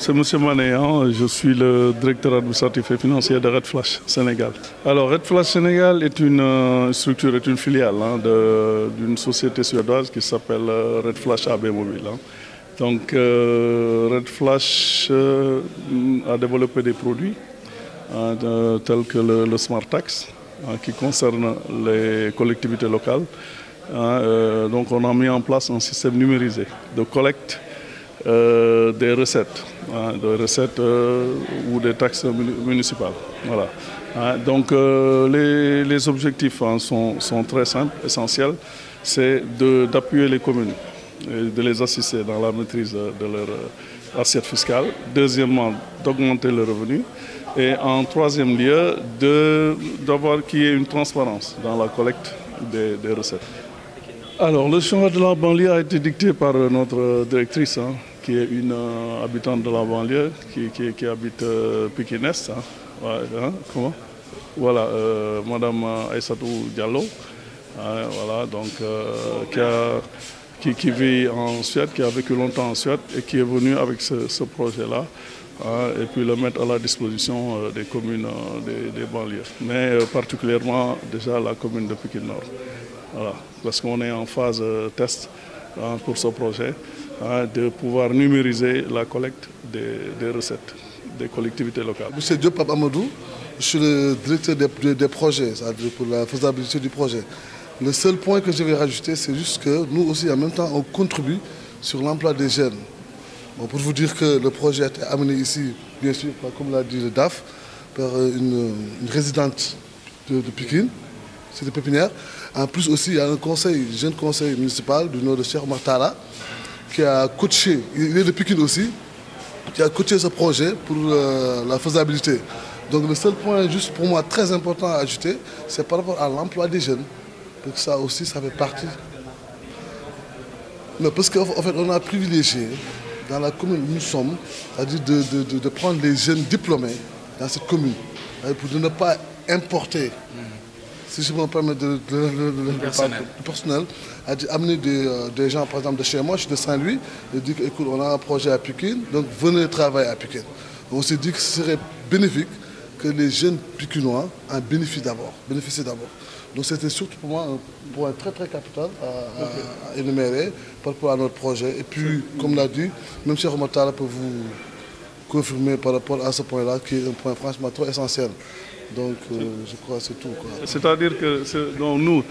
C'est M. Manéan, hein. je suis le directeur administratif et financier de Red Flash Sénégal. Alors Red Flash Sénégal est une euh, structure, est une filiale hein, d'une société suédoise qui s'appelle euh, Red Flash AB Mobile. Hein. Donc euh, Red Flash a développé des produits tels que le, Smart Tax qui concerne les collectivités locales. donc on a mis en place un système numérisé de collecte des recettes Hein, de recettes euh, ou des taxes municipales. Voilà. Hein, donc euh, les, objectifs hein, sont, sont, très simples, essentiels, c'est d'appuyer les communes, de les assister dans la maîtrise de leur euh, assiette fiscale. Deuxièmement, d'augmenter le revenu. Et en troisième lieu, d'avoir qu'il y ait une transparence dans la collecte des, recettes. Alors, le changement de la banlieue a été dicté par notre directrice qui est une euh, habitante de la banlieue, qui, habite euh, hein. Hein, Voilà, euh, Madame euh, Aïssatou Diallo, hein, voilà, donc, qui, qui, vit en Suède, qui a vécu longtemps en Suède et qui est venue avec ce, projet-là. et puis le mettre à la disposition des communes des, banlieues, mais particulièrement déjà la commune de Pékin Nord. parce qu'on est en phase test pour ce projet de pouvoir numériser la collecte des, recettes des collectivités locales. Monsieur Diop Amadou, je suis le directeur des, projets, pour la faisabilité du projet. Le seul point que je vais rajouter, c'est juste que nous aussi, en même temps, on contribue sur l'emploi des jeunes. pour vous dire que le projet a été amené ici, bien sûr, comme l'a dit le DAF, par euh, une, résidente de, Pékin, c'est Pépinière. En plus aussi, il y a un conseil, jeune conseil municipal du nord de Cher Martala, qui a coaché, il est de Pékin aussi, qui a coaché ce projet pour euh, la faisabilité. Donc le seul point juste pour moi très important à ajouter, c'est par rapport à l'emploi des jeunes. Donc ça aussi, ça fait partie. Mais parce qu'en fait, on a privilégié dans la commune où nous sommes, c'est-à-dire de, prendre les jeunes diplômés dans cette commune, euh, pour ne pas importer mm si je me permets de, personnel. a amené euh, des, gens, par exemple, de chez moi, je suis de Saint-Louis, et dit écoute, on a un projet à Pékin, donc venez travailler à Pékin. On s'est dit que ce serait bénéfique que les jeunes Pékinois en bénéficient d'abord. Bénéficient d'abord. Donc c'était surtout pour moi un euh, point très très capital à, énumérer par rapport à notre projet. Et puis, comme l'a dit, même si Romotala peut vous confirmé par rapport à ce point-là, qui est un point franchement trop essentiel. Donc euh, je crois que c'est tout. C'est-à-dire que nous,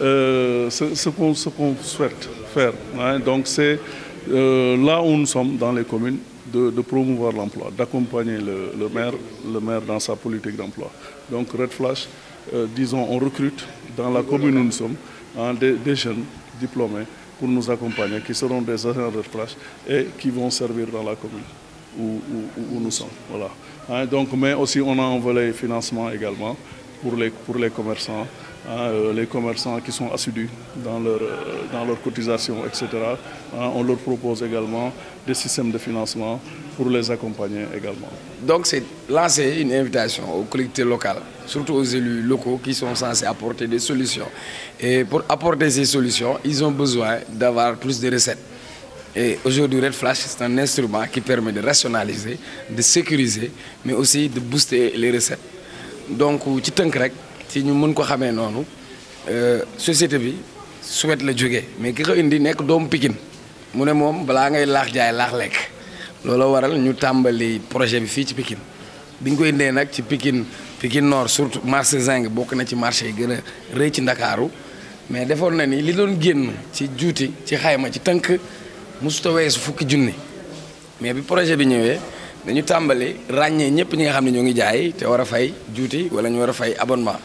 euh, ce, qu'on souhaite faire, hein, donc c'est euh, là où nous sommes dans les communes, de, promouvoir l'emploi, d'accompagner le, maire, le maire dans sa politique d'emploi. Donc Red Flash, disons, on recrute dans la commune où nous sommes hein, des, des jeunes diplômés pour nous accompagner, qui seront des agents de Red Flash et qui vont servir dans la commune où, nous sommes. Voilà. Hein, donc, mais aussi, on a un financement également pour les, pour les commerçants. Hein, euh, les commerçants qui sont assidus dans leur, euh, dans leur cotisation, etc. Hein, on leur propose également des systèmes de financement pour les accompagner également. Donc c'est lancer une invitation aux collectivités locales, surtout aux élus locaux qui sont censés apporter des solutions. Et pour apporter ces solutions, ils ont besoin d'avoir plus de recettes. Et aujourd'hui, Red Flash, c'est un instrument qui permet de rationaliser, de sécuriser, mais aussi de booster les recettes. Donc, ci tënk rek ci ñu mën ko xamee noonu euh, société bi Suède la jógee mais ki ko indi nekk doomu Pikine mu ne moom balaa ngay laax jaay laax lekk looloo waral ñu tàmbali projet bi fii ci Pikine bi ñu ko indee nag ci Pikine Pikine Nord surtout marché Zinc bokk na ci marché yi gën a ci Ndakaaru mais defoon na ni li doon génn ci juuti ci xayma ci tënk. musuta su fukki junni mais bi projet bi ñëwee dañu tàmbali ràññee ñëpp ñi nga xam ne ñoo ngi jaay te war a fay juuti wala ñu war a fay abonnement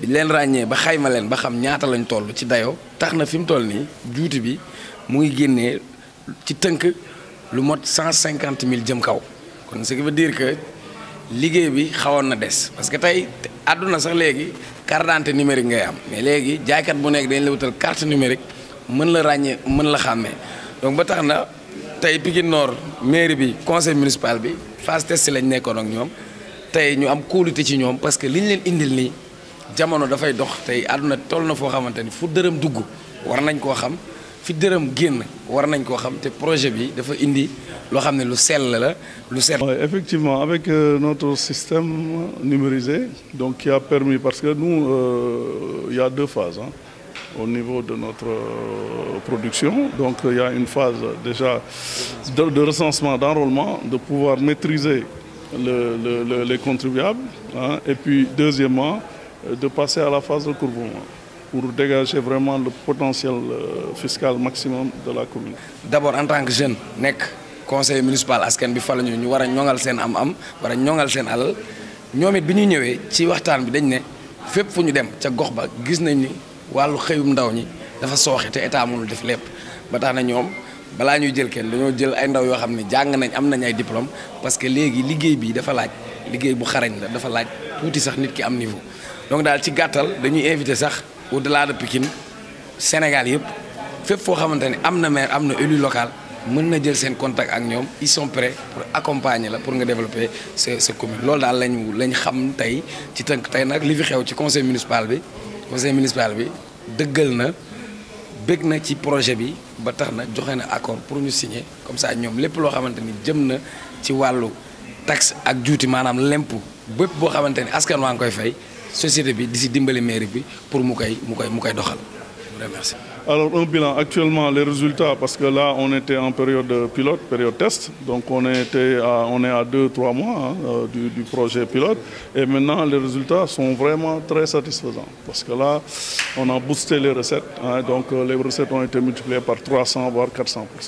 bi leen ràññee ba xayma leen ba xam ñaata lañ toll ci dayoo tax na fi mu toll nii juuti bi mu ngi génnee ci tënk lu mot cent cinquante mille jëm kaw kon ce qui veut dire liggéey bi xawoon na des parce que tey àdduna sax léegi carte d'identité numérique ngay am mais léegi jaaykat bu nekk dañ la wutal carte numérique mën la ràññee mën la xàmmee donc ba tax na tey Pikine Nord mairie bi conseil municipal bi phase test lañ nekkoon ak ñoom tey ñu am kóolute ci ñoom parce que liñ leen indil nii jamono da fay dox tay aduna toll na foo xamante fu deureum dugg war nañ ko xam fi deureum genn war nañ ko xam te projet bi dafa indi lo xam lu sel la lu sell. effectivement avec euh, notre système numérisé donc qui a permis parce que nous euh, il y a deux phases. hein au niveau de notre euh, production. Donc il y a une phase déjà de, recensement, d'enrôlement, de pouvoir maîtriser les contribuables. Hein, et puis deuxièmement, euh, de passer à la phase de courbement pour dégager vraiment le potentiel euh, fiscal maximum de la commune. D'abord en tant que jeune, nek conseiller municipal à ce qu'il ñu ñu wara ñongal seen am am wara ñongal seen alal ñoom bi ñu ci faire wàllu xeyum ndaw ñi dafa soxé té état mënul def lépp ba tax na ñom bala ñu jël kenn dañu jël ay ndaw yo xamni jang nañ am nañ ay diplôme parce que légui liggéey bi dafa laaj liggéey bu xarañ la dafa laaj touti sax nit ki am niveau. donc dal ci gattal dañuy invité sax au delà de Pikine Sénégal yépp fépp fo xamante amna maire amna élu local mën na jël sen contact ak ñom ils sont prêts pour accompagner la pour nga développer ce ce commune. lool dal lañu lañ xam tay ci tënk tey nag li fi xew ci conseil municipal bi conseil municipal bi deugal na na ci projet bi na accord pour nous signer comme ça ñom lépp lo xamanteni jëm na ci walu taxe ak manam lemp bo xamanteni askan société bi pour mu koy mu koy mu alors un bilan, actuellement les résultats, parce que là on était en période pilote, période test, donc on, était on est à 2-3 mois hein, euh, du, projet pilote, et maintenant les résultats sont vraiment très satisfaisants, parce que là on a boosté les recettes, hein. donc euh, les recettes ont été multipliées par 300 voire 400%.